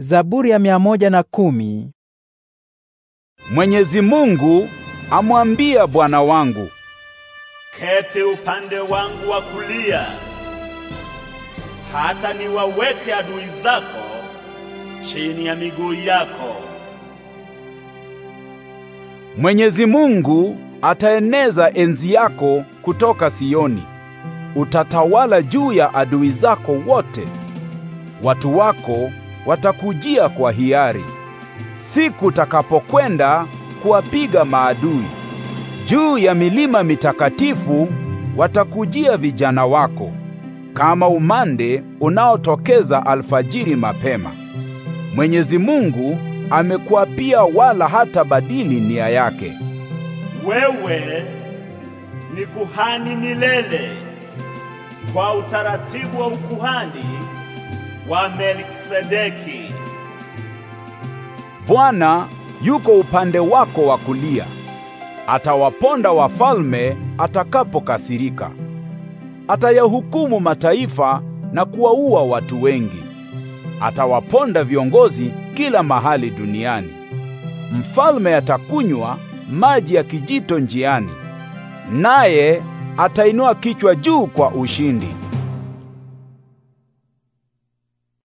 Zaburi ya mia moja na kumi. Mwenyezi Mungu amwambia Bwana wangu, kete upande wangu wa kulia, hata niwaweke adui zako chini ya miguu yako. Mwenyezi Mungu ataeneza enzi yako kutoka Sioni, utatawala juu ya adui zako wote. Watu wako watakujia kwa hiari, siku takapokwenda kuwapiga maadui. Juu ya milima mitakatifu watakujia vijana wako kama umande unaotokeza alfajiri mapema. Mwenyezi Mungu amekuapia wala hata badili nia yake. Wewe ni kuhani milele. Kwa utaratibu wa ukuhani wa Melkisedeki. Bwana yuko upande wako wa kulia, atawaponda wafalme atakapokasirika. Atayahukumu mataifa na kuwaua watu wengi. Atawaponda viongozi kila mahali duniani. Mfalme atakunywa maji ya kijito njiani, naye atainua kichwa juu kwa ushindi.